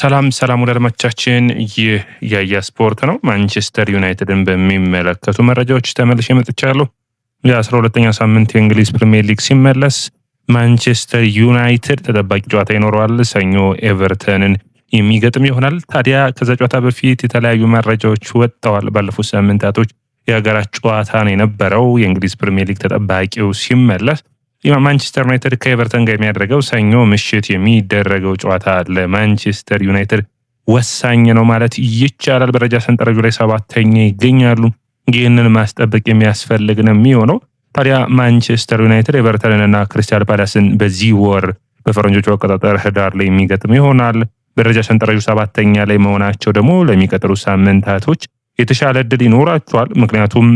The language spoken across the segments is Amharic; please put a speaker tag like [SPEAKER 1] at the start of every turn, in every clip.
[SPEAKER 1] ሰላም ሰላም ወደ አድማጮቻችን፣ ይህ ያያ ስፖርት ነው። ማንቸስተር ዩናይትድን በሚመለከቱ መረጃዎች ተመልሼ መጥቻለሁ። የአስራ ሁለተኛ ሳምንት የእንግሊዝ ፕሪሚየር ሊግ ሲመለስ ማንቸስተር ዩናይትድ ተጠባቂ ጨዋታ ይኖረዋል። ሰኞ ኤቨርተንን የሚገጥም ይሆናል። ታዲያ ከዛ ጨዋታ በፊት የተለያዩ መረጃዎች ወጥተዋል። ባለፉት ሳምንታቶች የሀገራት ጨዋታ ነው የነበረው። የእንግሊዝ ፕሪሚየር ሊግ ተጠባቂው ሲመለስ ማንቸስተር ዩናይትድ ከኤቨርተን ጋር የሚያደርገው ሰኞ ምሽት የሚደረገው ጨዋታ ለማንቸስተር ዩናይትድ ወሳኝ ነው ማለት ይቻላል። በረጃ ሰንጠረዡ ላይ ሰባተኛ ይገኛሉ። ይህንን ማስጠበቅ የሚያስፈልግ ነው የሚሆነው። ታዲያ ማንቸስተር ዩናይትድ እና ክሪስታል ፓላስን በዚህ ወር በፈረንጆቹ አቆጣጠር ህዳር ላይ የሚገጥም ይሆናል። በደረጃ ሰንጠረዡ ሰባተኛ ላይ መሆናቸው ደግሞ ለሚቀጥሉ ሳምንታቶች የተሻለ እድል ይኖራቸዋል። ምክንያቱም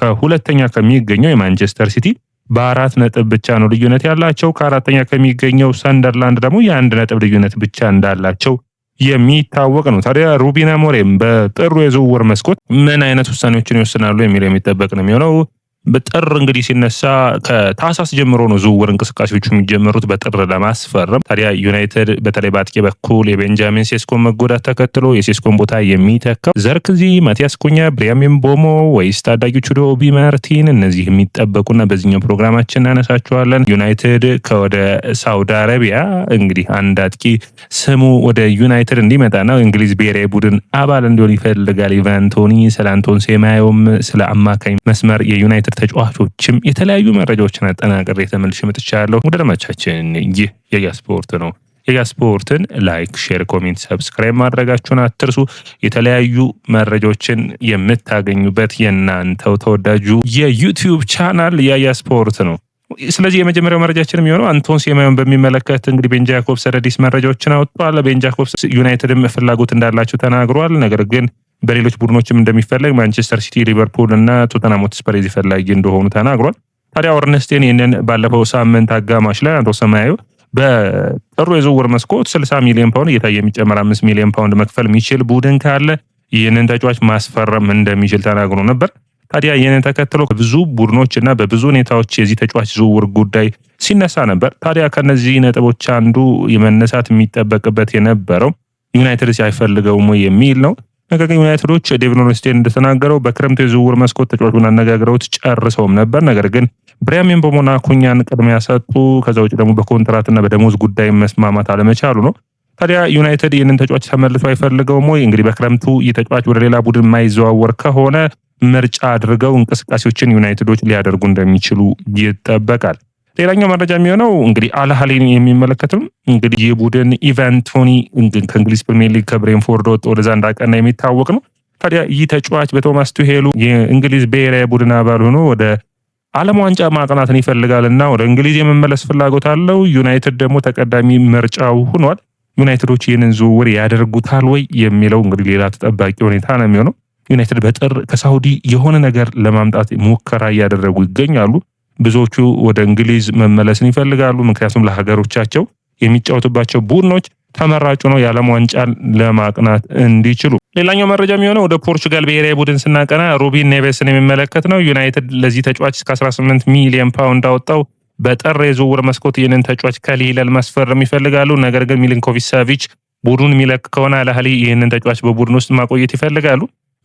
[SPEAKER 1] ከሁለተኛ ከሚገኘው የማንቸስተር ሲቲ በአራት ነጥብ ብቻ ነው ልዩነት ያላቸው። ከአራተኛ ከሚገኘው ሰንደርላንድ ደግሞ የአንድ ነጥብ ልዩነት ብቻ እንዳላቸው የሚታወቅ ነው። ታዲያ ሩበን አሞሪም በጥሩ የዝውውር መስኮት ምን አይነት ውሳኔዎችን ይወስናሉ የሚለው የሚጠበቅ ነው የሚሆነው። በጥር እንግዲህ ሲነሳ ከታህሳስ ጀምሮ ነው ዝውውር እንቅስቃሴዎቹ የሚጀመሩት በጥር ለማስፈረም። ታዲያ ዩናይትድ በተለይ በአጥቂ በኩል የቤንጃሚን ሴስኮን መጎዳት ተከትሎ የሴስኮን ቦታ የሚተካው ዘርክዚ፣ ማቲያስ ኩኛ፣ ብሪያሚን ቦሞ ወይስ ታዳጊዎቹ ዶ ኦቢ ማርቲን እነዚህ የሚጠበቁና በዚኛው ፕሮግራማችን እናነሳቸዋለን። ዩናይትድ ከወደ ሳውዲ አረቢያ እንግዲህ አንድ አጥቂ ስሙ ወደ ዩናይትድ እንዲመጣና እንግሊዝ ብሔራዊ ቡድን አባል እንዲሆን ይፈልጋል። ኢቫን ቶኒ ስለ አንቶን ሴማዮም ስለ አማካኝ መስመር የዩናይትድ ተጫዋቾችም የተለያዩ መረጃዎችን አጠናቅሬ ተመልሼ መጥቻለሁ። ውድ አድማጮቻችን ይህ የያ ስፖርት ነው። የያ ስፖርትን ላይክ፣ ሼር፣ ኮሜንት፣ ሰብስክራይብ ማድረጋችሁን አትርሱ። የተለያዩ መረጃዎችን የምታገኙበት የእናንተው ተወዳጁ የዩቲዩብ ቻናል የያ ስፖርት ነው። ስለዚህ የመጀመሪያው መረጃችን የሚሆነው አንቶን ሴማዮን በሚመለከት እንግዲህ ቤን ጃኮብስ አዳዲስ መረጃዎችን አውጥቷል። ቤን ጃኮብስ ዩናይትድም ፍላጎት እንዳላቸው ተናግሯል። ነገር ግን በሌሎች ቡድኖችም እንደሚፈለግ ማንቸስተር ሲቲ፣ ሊቨርፑል እና ቶተናም ሆትስፐር የዚህ ፈላጊ እንደሆኑ ተናግሯል። ታዲያ ኦርነስቴን ይህንን ባለፈው ሳምንት አጋማሽ ላይ አንቶ ሰማያዊ በጥሩ የዝውውር መስኮት 60 ሚሊዮን ፓውንድ እየታየ የሚጨመር 5 ሚሊዮን ፓውንድ መክፈል የሚችል ቡድን ካለ ይህንን ተጫዋች ማስፈረም እንደሚችል ተናግሮ ነበር። ታዲያ ይህንን ተከትሎ ብዙ ቡድኖች እና በብዙ ሁኔታዎች የዚህ ተጫዋች ዝውውር ጉዳይ ሲነሳ ነበር። ታዲያ ከነዚህ ነጥቦች አንዱ የመነሳት የሚጠበቅበት የነበረው ዩናይትድ አይፈልገውም የሚል ነው። ነገር ግን ዩናይትዶች ዴቪድ ኦርንስቴን እንደተናገረው በክረምቱ የዝውውር መስኮት ተጫዋቹን አነጋግረውት ጨርሰውም ነበር። ነገር ግን ብሪያምን በሞና ኩኛን ቅድሚያ ሰጡ። ከዛ ውጭ ደግሞ በኮንትራትና በደሞዝ ጉዳይ መስማማት አለመቻሉ ነው። ታዲያ ዩናይትድ ይህንን ተጫዋች ተመልሶ አይፈልገውም ወይ? እንግዲህ በክረምቱ ይህ ተጫዋች ወደ ሌላ ቡድን የማይዘዋወር ከሆነ ምርጫ አድርገው እንቅስቃሴዎችን ዩናይትዶች ሊያደርጉ እንደሚችሉ ይጠበቃል። ሌላኛው መረጃ የሚሆነው እንግዲህ አልሃሊን የሚመለከትም እንግዲህ የቡድን ኢቫን ቶኒ ከእንግሊዝ ፕሪሚየር ሊግ ከብሬንፎርድ ወጥ ወደዛ እንዳቀና የሚታወቅ ነው። ታዲያ ይህ ተጫዋች በቶማስ ቱሄሉ የእንግሊዝ ብሔራዊ ቡድን አባል ሆኖ ወደ ዓለም ዋንጫ ማቅናትን ይፈልጋል እና ወደ እንግሊዝ የመመለስ ፍላጎት አለው። ዩናይትድ ደግሞ ተቀዳሚ ምርጫው ሆኗል። ዩናይትዶች ይህንን ዝውውር ያደርጉታል ወይ የሚለው እንግዲህ ሌላ ተጠባቂ ሁኔታ ነው የሚሆነው። ዩናይትድ በጥር ከሳውዲ የሆነ ነገር ለማምጣት ሙከራ እያደረጉ ይገኛሉ። ብዙዎቹ ወደ እንግሊዝ መመለስን ይፈልጋሉ። ምክንያቱም ለሀገሮቻቸው የሚጫወቱባቸው ቡድኖች ተመራጩ ነው የዓለም ዋንጫን ለማቅናት እንዲችሉ። ሌላኛው መረጃ የሚሆነው ወደ ፖርቹጋል ብሔራዊ ቡድን ስናቀና ሩቢን ኔቬስን የሚመለከት ነው። ዩናይትድ ለዚህ ተጫዋች እስከ 18 ሚሊዮን ፓውንድ አወጣው። በጥር የዝውውር መስኮት ይህንን ተጫዋች ከልሂላል ማስፈረም ይፈልጋሉ። ነገር ግን ሚሊንኮቪች ሳቪች ቡድኑን የሚለቅ ከሆነ አላህሊ ይህንን ተጫዋች በቡድን ውስጥ ማቆየት ይፈልጋሉ።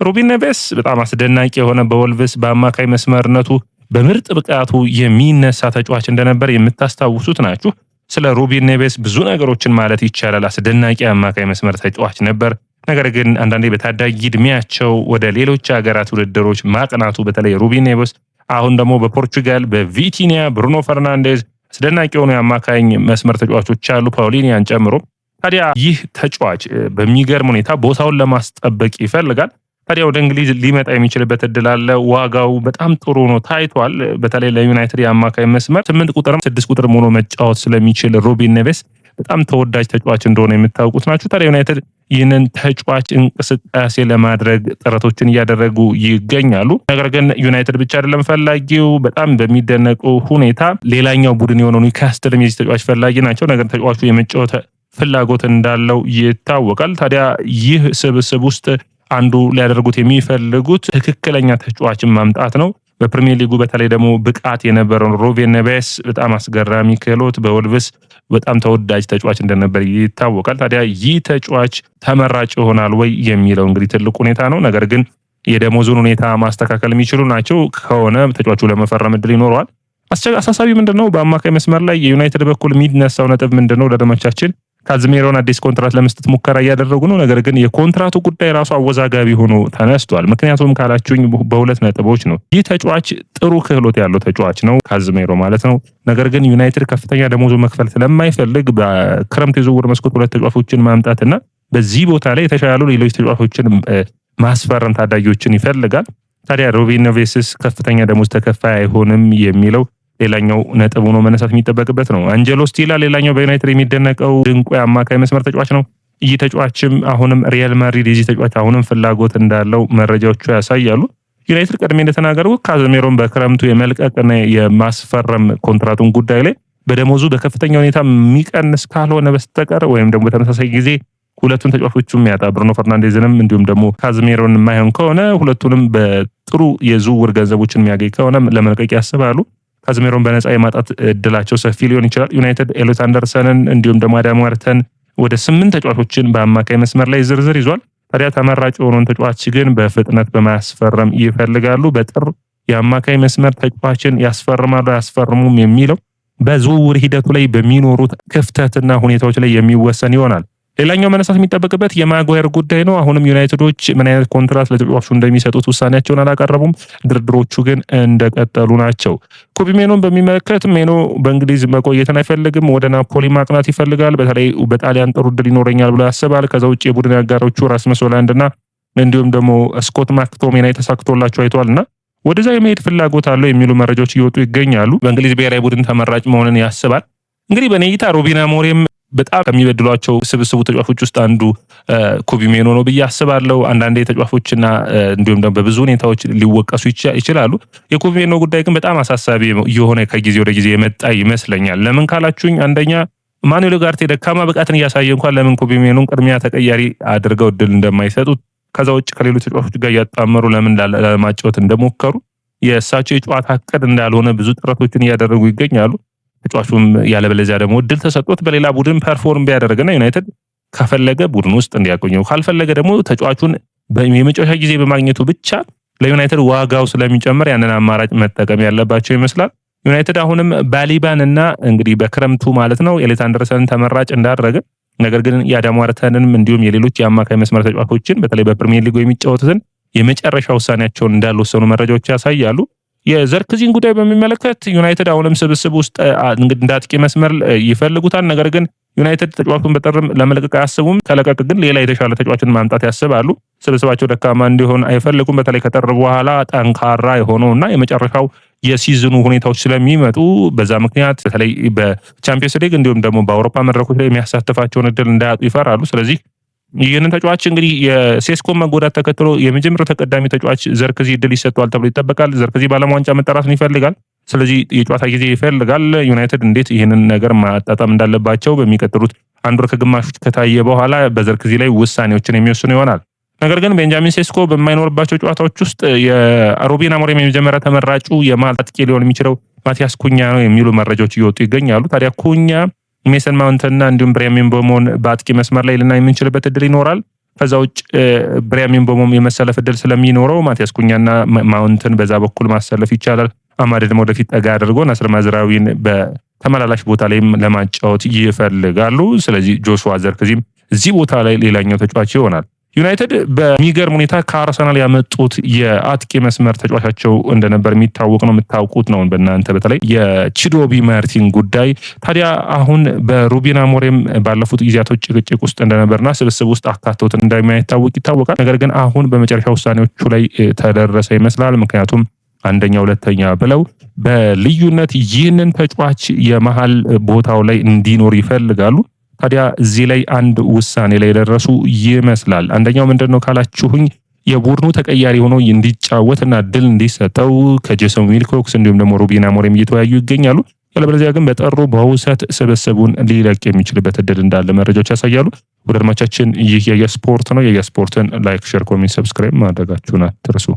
[SPEAKER 1] ሩቢን ኔቬስ በጣም አስደናቂ የሆነ በወልቭስ በአማካይ መስመርነቱ በምርጥ ብቃቱ የሚነሳ ተጫዋች እንደነበር የምታስታውሱት ናችሁ። ስለ ሩቢን ኔቬስ ብዙ ነገሮችን ማለት ይቻላል። አስደናቂ አማካይ መስመር ተጫዋች ነበር። ነገር ግን አንዳንዴ በታዳጊ እድሜያቸው ወደ ሌሎች ሀገራት ውድድሮች ማቅናቱ በተለይ ሩቢን ኔቬስ አሁን ደግሞ በፖርቹጋል በቪቲኒያ ብሩኖ ፈርናንዴዝ አስደናቂ የሆኑ የአማካኝ መስመር ተጫዋቾች አሉ ፓውሊኒያን ጨምሮ። ታዲያ ይህ ተጫዋች በሚገርም ሁኔታ ቦታውን ለማስጠበቅ ይፈልጋል። ታዲያ ወደ እንግሊዝ ሊመጣ የሚችልበት እድል አለ። ዋጋው በጣም ጥሩ ነው ታይቷል። በተለይ ለዩናይትድ የአማካይ መስመር ስምንት ቁጥርም ስድስት ቁጥርም ሆኖ መጫወት ስለሚችል ሩበን ኔቬስ በጣም ተወዳጅ ተጫዋች እንደሆነ የምታውቁት ናቸው። ታዲያ ዩናይትድ ይህንን ተጫዋች እንቅስቃሴ ለማድረግ ጥረቶችን እያደረጉ ይገኛሉ። ነገር ግን ዩናይትድ ብቻ አይደለም ፈላጊው። በጣም በሚደነቁ ሁኔታ ሌላኛው ቡድን የሆነው ኒውካስትልም የዚህ ተጫዋች ፈላጊ ናቸው። ነገር ተጫዋቹ የመጫወት ፍላጎት እንዳለው ይታወቃል። ታዲያ ይህ ስብስብ ውስጥ አንዱ ሊያደርጉት የሚፈልጉት ትክክለኛ ተጫዋችን ማምጣት ነው። በፕሪሚየር ሊጉ በተለይ ደግሞ ብቃት የነበረውን ሩቤን ኔቬስ በጣም አስገራሚ ክህሎት በወልቭስ በጣም ተወዳጅ ተጫዋች እንደነበር ይታወቃል። ታዲያ ይህ ተጫዋች ተመራጭ ይሆናል ወይ የሚለው እንግዲህ ትልቅ ሁኔታ ነው። ነገር ግን የደሞዙን ሁኔታ ማስተካከል የሚችሉ ናቸው ከሆነ ተጫዋቹ ለመፈረም እድል ይኖረዋል። አሳሳቢ ምንድን ነው? በአማካይ መስመር ላይ የዩናይትድ በኩል የሚነሳው ነጥብ ምንድን ነው? ለደመቻችን ካዝሜሮን አዲስ ኮንትራት ለመስጠት ሙከራ እያደረጉ ነው። ነገር ግን የኮንትራቱ ጉዳይ ራሱ አወዛጋቢ ሆኖ ተነስቷል። ምክንያቱም ካላችሁኝ በሁለት ነጥቦች ነው። ይህ ተጫዋች ጥሩ ክህሎት ያለው ተጫዋች ነው፣ ካዝሜሮ ማለት ነው። ነገር ግን ዩናይትድ ከፍተኛ ደሞዙ መክፈል ስለማይፈልግ በክረምት የዝውውር መስኮት ሁለት ተጫዋቾችን ማምጣትና በዚህ ቦታ ላይ የተሻሉ ሌሎች ተጫዋቾችን ማስፈረም ታዳጊዎችን ይፈልጋል። ታዲያ ሩበን ኔቬስ ከፍተኛ ደሞዝ ተከፋይ አይሆንም የሚለው ሌላኛው ነጥብ ሆኖ መነሳት የሚጠበቅበት ነው። አንጀሎ ስቲላ ሌላኛው በዩናይትድ የሚደነቀው ድንቁ የአማካይ መስመር ተጫዋች ነው። ይህ ተጫዋችም አሁንም ሪያል ማድሪድ የዚህ ተጫዋች አሁንም ፍላጎት እንዳለው መረጃዎቹ ያሳያሉ። ዩናይትድ ቀድሜ እንደተናገርኩ ካዘሜሮን በክረምቱ የመልቀቅና የማስፈረም ኮንትራቱን ጉዳይ ላይ በደሞዙ በከፍተኛ ሁኔታ የሚቀንስ ካልሆነ በስተቀር ወይም ደግሞ በተመሳሳይ ጊዜ ሁለቱን ተጫዋቾቹ የሚያጣ ብሩኖ ፈርናንዴዝንም እንዲሁም ደግሞ ካዝሜሮን የማይሆን ከሆነ ሁለቱንም በጥሩ የዝውውር ገንዘቦችን የሚያገኝ ከሆነ ለመልቀቅ ያስባሉ። ካዝሜሮን በነፃ የማጣት እድላቸው ሰፊ ሊሆን ይችላል። ዩናይትድ ኤሎት አንደርሰንን እንዲሁም ደግሞ አዳም ዋርተን ወደ ስምንት ተጫዋቾችን በአማካይ መስመር ላይ ዝርዝር ይዟል። ታዲያ ተመራጭ የሆነውን ተጫዋች ግን በፍጥነት በማስፈረም ይፈልጋሉ። በጥር የአማካይ መስመር ተጫዋችን ያስፈርማሉ አያስፈርሙም የሚለው በዝውውር ሂደቱ ላይ በሚኖሩት ክፍተትና ሁኔታዎች ላይ የሚወሰን ይሆናል። ሌላኛው መነሳት የሚጠበቅበት የማጓየር ጉዳይ ነው። አሁንም ዩናይትዶች ምን አይነት ኮንትራት ለተጫዋቹ እንደሚሰጡት ውሳኔያቸውን አላቀረቡም። ድርድሮቹ ግን እንደቀጠሉ ናቸው። ኮቢ ሜኖን በሚመለከት ሜኖ በእንግሊዝ መቆየትን አይፈልግም። ወደ ናፖሊ ማቅናት ይፈልጋል። በተለይ በጣሊያን ጥሩ ድል ይኖረኛል ብሎ ያስባል። ከዛ ውጭ የቡድን አጋሮቹ ራስመስ ሆይሉንድና እንዲሁም ደግሞ ስኮት ማክቶሜና የተሳክቶላቸው አይተዋል እና ወደዛ የመሄድ ፍላጎት አለው የሚሉ መረጃዎች እየወጡ ይገኛሉ። በእንግሊዝ ብሔራዊ ቡድን ተመራጭ መሆንን ያስባል። እንግዲህ በኔ እይታ ሩበን አሞሪም በጣም ከሚበድሏቸው ስብስቡ ተጫዋቾች ውስጥ አንዱ ኮቢ ሜኖ ነው ብዬ አስባለሁ። አንዳንዴ ተጫዋቾችና እንዲሁም ደግሞ በብዙ ሁኔታዎች ሊወቀሱ ይችላሉ። የኮቢ ሜኖ ጉዳይ ግን በጣም አሳሳቢ የሆነ ከጊዜ ወደ ጊዜ የመጣ ይመስለኛል። ለምን ካላችሁኝ አንደኛ ማኑኤል ኡጋርቴ ደካማ ብቃትን እያሳየ እንኳን ለምን ኮቢ ሜኖን ቅድሚያ ተቀያሪ አድርገው እድል እንደማይሰጡት ከዛ ውጭ ከሌሎች ተጫዋቾች ጋር እያጣመሩ ለምን ለማጫወት እንደሞከሩ የእሳቸው የጨዋታ እቅድ እንዳልሆነ ብዙ ጥረቶችን እያደረጉ ይገኛሉ። ተጫዋቹም ያለበለዚያ ደግሞ እድል ተሰጥቶት በሌላ ቡድን ፐርፎርም ቢያደርግና ዩናይትድ ከፈለገ ቡድን ውስጥ እንዲያቆየው ካልፈለገ ደግሞ ተጫዋቹን የመጨረሻ ጊዜ በማግኘቱ ብቻ ለዩናይትድ ዋጋው ስለሚጨምር ያንን አማራጭ መጠቀም ያለባቸው ይመስላል። ዩናይትድ አሁንም ባሊባን እና እንግዲህ በክረምቱ ማለት ነው ኤሌት አንደርሰን ተመራጭ እንዳደረገ ነገር ግን የአዳም እንዲሁም የሌሎች የአማካይ መስመር ተጫዋቾችን በተለይ በፕሪሚየር ሊጉ የሚጫወቱትን የመጨረሻ ውሳኔያቸውን እንዳልወሰኑ መረጃዎች ያሳያሉ። የዘርክዚን ጉዳይ በሚመለከት ዩናይትድ አሁንም ስብስብ ውስጥ እንግዲህ እንደ አጥቂ መስመር ይፈልጉታል። ነገር ግን ዩናይትድ ተጫዋቹን በጥርም ለመልቀቅ አያስቡም። ከለቀቅ ግን ሌላ የተሻለ ተጫዋችን ማምጣት ያስባሉ። ስብስባቸው ደካማ እንዲሆን አይፈልጉም። በተለይ ከጥር በኋላ ጠንካራ የሆነው እና የመጨረሻው የሲዝኑ ሁኔታዎች ስለሚመጡ በዛ ምክንያት በተለይ በቻምፒየንስ ሊግ እንዲሁም ደግሞ በአውሮፓ መድረኮች ላይ የሚያሳትፋቸውን እድል እንዳያጡ ይፈራሉ። ስለዚህ ይህንን ተጫዋች እንግዲህ የሴስኮ መጎዳት ተከትሎ የመጀመሪያው ተቀዳሚ ተጫዋች ዘርክዚ እድል ይሰጠዋል ተብሎ ይጠበቃል። ዘርክዚ በዓለም ዋንጫ መጠራትን ይፈልጋል። ስለዚህ የጨዋታ ጊዜ ይፈልጋል። ዩናይትድ እንዴት ይህንን ነገር ማጣጣም እንዳለባቸው በሚቀጥሉት አንድ ወር ከግማሾች ከታየ በኋላ በዘርክዚ ላይ ውሳኔዎችን የሚወስኑ ይሆናል። ነገር ግን ቤንጃሚን ሴስኮ በማይኖርባቸው ጨዋታዎች ውስጥ የሩበን አሞሪም የመጀመሪያ ተመራጩ የመሃል አጥቂ ሊሆን የሚችለው ማቲያስ ኩኛ ነው የሚሉ መረጃዎች እየወጡ ይገኛሉ። ታዲያ ኩኛ ሜሰን ማውንትና እንዲሁም ብሪያሚን ቦሞን በአጥቂ መስመር ላይ ልና የምንችልበት እድል ይኖራል። ከዛ ውጭ ብሪያሚን ቦሞም የመሰለፍ እድል ስለሚኖረው ማቲያስ ኩኛና ማውንትን በዛ በኩል ማሰለፍ ይቻላል። ደግሞ ወደፊት ጠጋ አድርጎ ናስር ማዝራዊን በተመላላሽ ቦታ ላይም ለማጫወት ይፈልጋሉ። ስለዚህ ጆሹዋ ዘርክዚም እዚህ ቦታ ላይ ሌላኛው ተጫዋች ይሆናል። ዩናይትድ በሚገርም ሁኔታ ከአርሰናል ያመጡት የአጥቂ መስመር ተጫዋቻቸው እንደነበር የሚታወቅ ነው የምታውቁት ነው በእናንተ በተለይ የቺዶቢ ማርቲን ጉዳይ ታዲያ አሁን በሩቢን ሞሬም ባለፉት ጊዜያቶች ጭቅጭቅ ውስጥ እንደነበርና ስብስብ ውስጥ አካተውት እንደማይታወቅ ይታወቃል። ነገር ግን አሁን በመጨረሻ ውሳኔዎቹ ላይ ተደረሰ ይመስላል። ምክንያቱም አንደኛ ሁለተኛ ብለው በልዩነት ይህንን ተጫዋች የመሀል ቦታው ላይ እንዲኖር ይፈልጋሉ። ታዲያ እዚህ ላይ አንድ ውሳኔ ላይ የደረሱ ይመስላል። አንደኛው ምንድን ነው ካላችሁኝ የቡድኑ ተቀያሪ ሆኖ እንዲጫወትና ድል እንዲሰጠው ከጄሰን ዊልኮክስ እንዲሁም ደግሞ ሩቢን አሞሪም እየተወያዩ ይገኛሉ። ያለበለዚያ ግን በጠሩ በውሰት ስብስቡን ሊለቅ የሚችልበት እድል እንዳለ መረጃዎች ያሳያሉ። ወደ አድማቻችን ይህ የየስፖርት ነው። የየስፖርትን ላይክ፣ ሼር፣ ኮሜንት፣ ሰብስክራይብ ማድረጋችሁን አትርሱ።